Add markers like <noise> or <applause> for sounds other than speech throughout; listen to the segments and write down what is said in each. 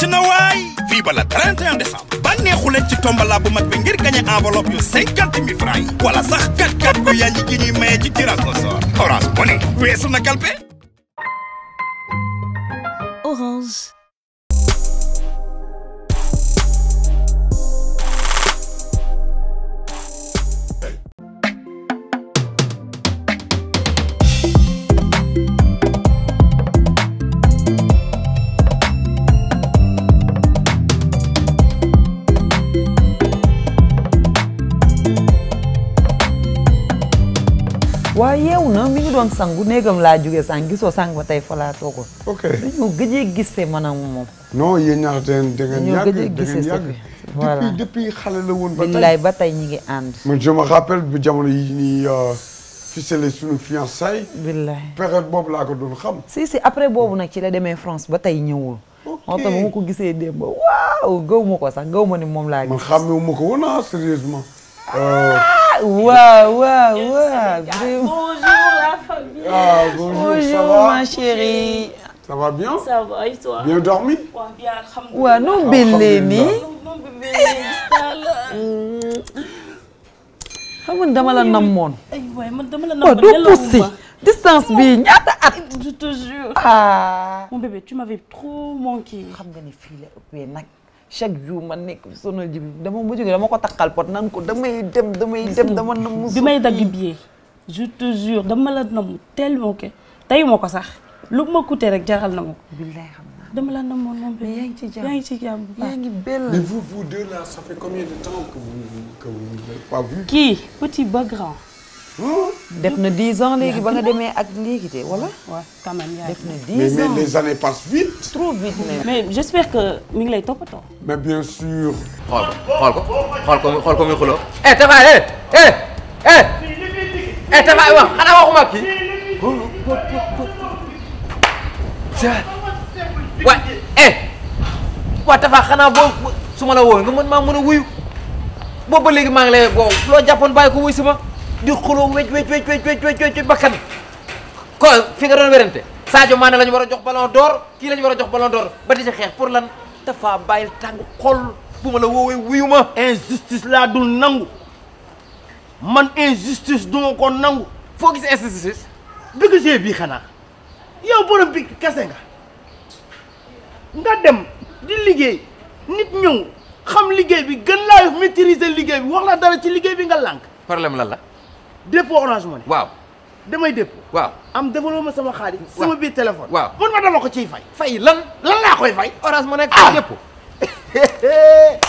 wàcc na waay fii ba la 31 décembre bànneexu leen ci tombola bu mag bi ngir gagné enveloppe yu 50 000 francs yi wala sax kat kat gu yànji gi ñuy maye ci tirage au sort orange bu ne weesu na kalpe waaye yeewu na mi ngi doon sangu néegam laa jugee sang gisoo sang ba tey fa laa toogoon. ok dañoo gëjee gisee maanaam moom. non yéen ñaar dangeen dangeen yàgg dangeen yàgg voilà depuis depuis xale la ba tey ba tey ñu ngi ànd. man je me bu jamono yi nii euh, ficelé suñu fiançailles. billaay période boobu laa ko doon si après boobu nag ci la demee France ba tey ñëwul. ok moo tax bu ma ko gisee démb waaw gaw ma ko sax gaw ma ni moom laa gis. man xàmmewu ma ko woon ah sérieusement. Euh, ah! waouh, waouh, waouh. Ah, bonjour la famille. Ah, bonjour, bonjour ça va? ma chérie. Ça va bien? Ça va et toi? Bien dormi? Waaw, bien alhamdoulillah. Waaw, non belle ni. xam nga dama la namoon. aywa man dama la namoon oh, delloo ma si distance bi ñaata at. je te jure. ah. mon bébé tu m'avais trop manqué. xam nga ni fii la ëppee nag. chaque jour ma nekk sonal ji dama mujj dama ko takkal pot nan ko damay dem damay dem dama namm bi may dagg billet je te jure dama la namm tellement que moo ko sax lu ma coûté rek jaral na ma ko billahi xam la namm moom mais yaa ngi ci jàmm yaa de temps que vous que vous kii petit ba grand def na dix ans léegi ba nga demee ak léegi de wala. waaw quand même def na dix ans mais les années passent vite. trop vite même. mais j' espère que mi ngi lay toppatoo. mais bien sûr. xool ko xool ko xool ko xool ko muy xuloo. eh Tafa eh eh eh. eh, eh Tafa wax xanaa waxuma ak kii. wa eh. waa Tafa xanaa boo su ma la woo nga mën maa mën a wuyu boobu ba léegi maa ngi lay woo loo jàppoon bàyyi ko wuyu si di xuloo wécc wécc wécc bakkan ko fi nga doon werante Sadio Mané lañu war a jox ballon door kii lañu war a jox ballon door ba di ci xeex pour lan dafa bàyyil tàng xol bu ma la woowee wuyu ma. injustice laa dul nangu man injustice du ma ko nangu. foo gis injustice. dëgg jeu bii xanaa yow borom bi kese nga nga dem di liggéey nit ñëw xam liggéey bi gën laa maîtriser liggéey bi wax la dara ci liggéey bi nga lànk. problème lan la. dépôt orange money. waaw damay dépôt. waaw am développé ma sama xaalis. sama biir téléphone. waaw mun ma dama ko ciy fay. fay lan lan laa koy fay. orange money ak fay ah! dépôt.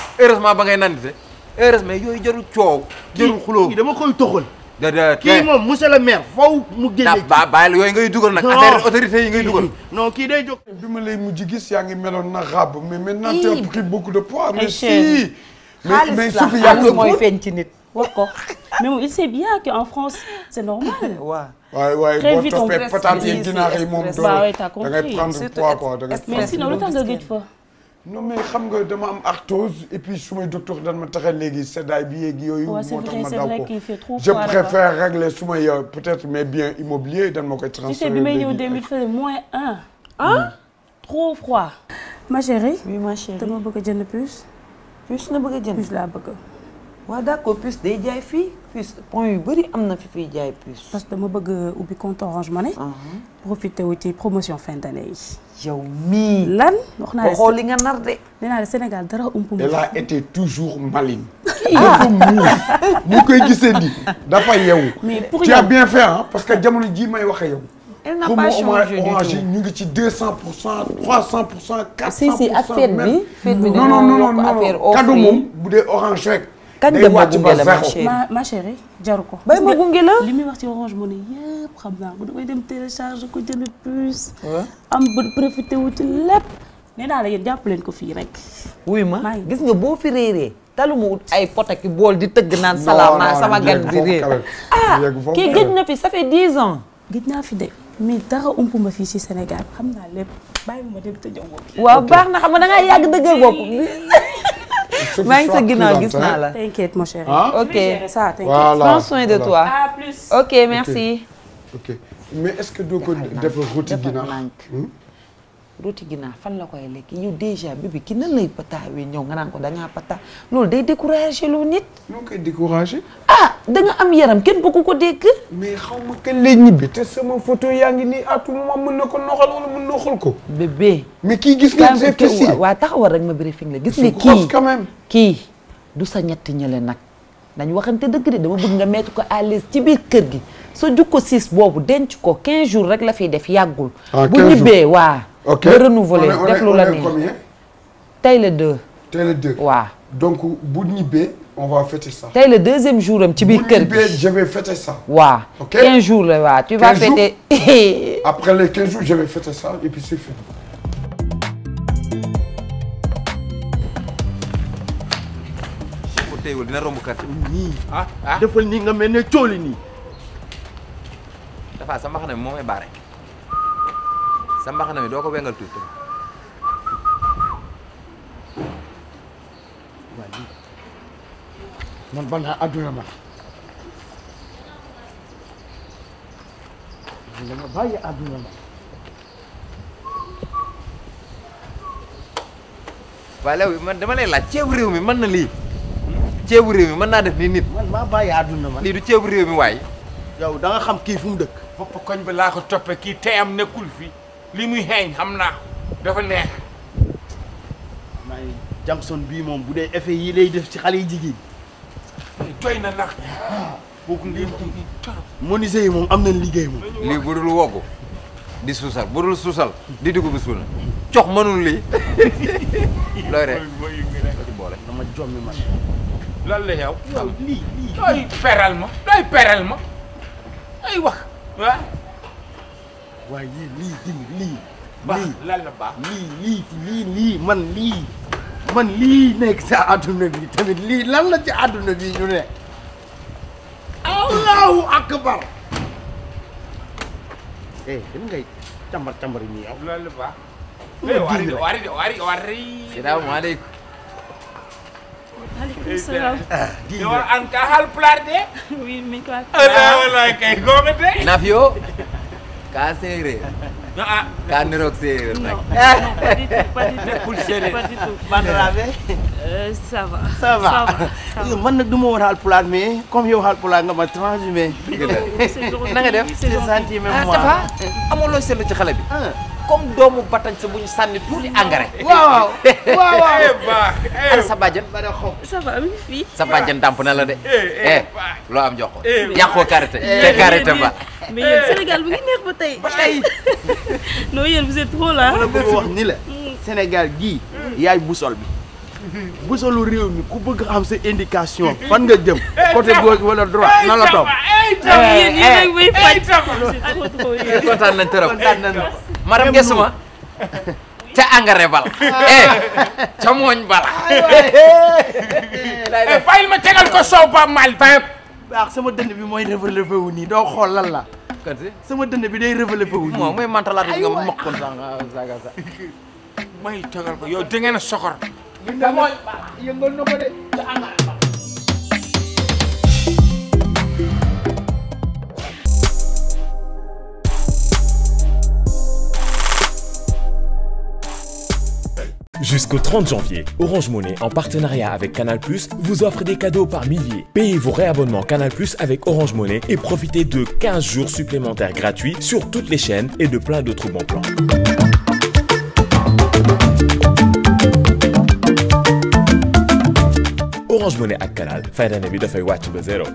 <laughs> heureusement ba ngay nandite heureusement yooyu jarul coow. jarul xuloo kii dama koy toxal. déedéet kii moom monsieur le maire faw mu génne. ba bàyyil yooyu ngay dugal nag. affaire autorité yi ngay dugal. <laughs> non kii day jóg. bi ma lay mujj gis yaa ngi meloon na xaab mais maintenant tu as pris beaucoup de poids. mais si mais mais suuf yaa mooy feeñ ci nit. wax ko mais moom il sait bien que en France c' est normal. waaw waaye waaye boo toppee patante yi ginaax yi moom doo da ngay prendre poids quoi da non mais xam nga dama am arthrose et puis sumay docteur dan ma tax a léegi seddaay bi yeegi yooyu moo tax ma daw ko je préfère régler sumay euh, peut-être mes biens immobiliers dan ma koy transférer. tu sais bi may ñëw 2000 fële moins un. ah trop froid. ma chérie. oui ma chérie dama bëgg a jënd puce. puce nga bëgg a jënd puce laa waa d'accord puce day jaay fii puce point yu bëri am na fi fiy jaay puce. parce que dama bëgg euh, ubbi compte Orange Money. profité wu ci promotion fin d'année yi. yow mii. lan wax naa xool li nga nar de. nee naa Sénégal dara umpu. elle a été toujours maligne. dafa <laughs> ah! muus mu koy gisee di dafa yeewu. mais pour bien fait parce que jamono jii may waxee yow. elle ñu ngi ci deux cent pour cent trois cent pour moom bu dee Orange rek. kañ dem ma gunge la ma chérie ma chérie jaru ko. bari ma gunge li muy wax ci orange money yëpp xam naa ko damay dem télécharge ko jënd puce. am ba profité wu ci lépp. nee naa la yéen jàpp leen ko fii rek. wuy ma gis nga boo fi réeree. talu mu wut ay potaki bool di tëgg naan. salaama sama gan bi réer ah kii gëj na fi ça fait dix ans. gëj naa fi de mais dara ump ma fii ci Sénégal xam naa lépp bàyyi ma dem jongo bi. waaw baax na xam nga yàgg dëgër bopp. maa ngi sa ginnaaw gis naa la. t'inquiète mon chéri. Ah. ok voilà de toi. à plus. ok merci. ok mais est-ce que doo rooti naa fan la koy lekk yow déjà bébé ki nan lay pataawee ñëw nga naan ko da pata loolu day découragé lu nit. ñoo koy découragé. ah da am yaram kenn bëggu ko dégg. mais xaw ma kañ lay ñibbi te sama photo yaa ngi nii à tout moment ko noxal wala ko. bébé. mais kii gis nga c'est fii waaw taxawal rek ma briefing la gis nga kii quand même kii du sa ñetti ñële nag. dañu te dëgg de dama bëgg nga mettre ko à l'aise ci biir kër gi sa jukko siis boobu denc ko 15 jours rek la fiy def yàggul. Ah, bu ñibbee waa ok nga renouveler def lu la neex tey le deux. tey le deux waaw. donc bu ñibbee on va fêter ça. tey le deuxième jour am ci biir kër gi bu ñibbee je vais fêter ça. la waaw tu vas fêter. <laughs> après les 15 jours je vais fêter ça et puis c'est fini. teewul dina romb kat nii ah, ah. nga mel ne cooli nii dafa sama xam ne moom may baare sa mbaxana mi doo ko wengal tuuti waaw lii man ban laa adduna man dama bàyyi adduna ma dama lay laaj ceebu réew mi mën na lii ceebu réew mi mën naa def ni nit man maa bàyyi adduna ma lii du ceebu réew mi waay yow da xam kii fu mu dëkk bopp koñ ba laa ko toppe kii tey am nekkul fii li muy xeeñ xam naa dafa neex. maa ngi bii moom bu dee effet yi lay def ci xale yi jigéen. doy na nag. kooku lii menuisier yi moom am nañ liggéey moom. lii bu dul woggu di suusal bu dul suusal di dugub suuna cox mënul lii <laughs> looy rek dama jommi man. lan la yow. yow lii lii. doy peral ma doy peral ma ay wax ah. waaye yii lii dim lii. baax lan la baax lii lii lii lii man lii. man lii nekk sa adduna bi tamit lii lan la ci adduna bi ñu ne. allahu akbar. eh dama ngay càmbar càmbar yi ñuy aw. lan la baax. eh wari wari wari wari. salaamaaleykum. maaleykum salaam. di nga war a an ka hal pulaar de. <laughs> oui mi ngi ko ak. alhamdulilah eh, kay góobe de. naaf yoo. kaa séeréer. non ah kaa niroog séeréer nag. pas du tout pas du tout nekkul séeréer pas du tout. Bandaraɓe. Eh, ça va. ça va man nag du ma woon Haalpulaar mais comme yow Haalpulaar nga ma transhumé. <laughs> na nga def c'est gentil même ah, moi ah ça va amoo loo seetlu ci xale bi. Ah. comme doomu batañ sa bu ñu sànni tuuti engrais. <laughs> waaw waaw <laughs> waaw. Eh, eh. ana sa bàjjen. ça va mi ngi fii. sa bàjjen dàmp na la de. eh loo am jox ko. yàqoo karité te karité ba. Eh. Sénégal bu ngi neex ba tey. ba tey <laughs> non yéen trop là. la bëgg wax ni la. Mm. Sénégal gii. Mm. yaay busol bi. <laughs> busolu réew mi ku bëgg xam sa indication <laughs> fan nga jëm eh, côté gauche wala droit eh, nan la topp. yéen yéen a ngi faj. trop kontaan nañ trop. ca engrais bala. Ah. ca mooñ bala. fayil ah, ma tegal ko soow ba mal. baax sama dënd bi mooy rëfërëfëwu nii doo xool lan la. kan si sama dënn bi day révélé wu. moom mooy mantalaat bi nga mokkoon sax nga sax may tegal ko yow dangeen a soxor. li nga mooy yëngal na ko de. Jusqu'au 30 janvier, Orange Monnaie, en partenariat avec Canal+, vous offre des cadeaux par milliers. Payez vos réabonnements Canal+, avec Orange Monnaie et profitez de jours supplémentaires gratuits sur toutes les chaînes et de plein d'autres bons plans. Orange Monnaie ak Canal fayda bi dafay wàcc ba zéro.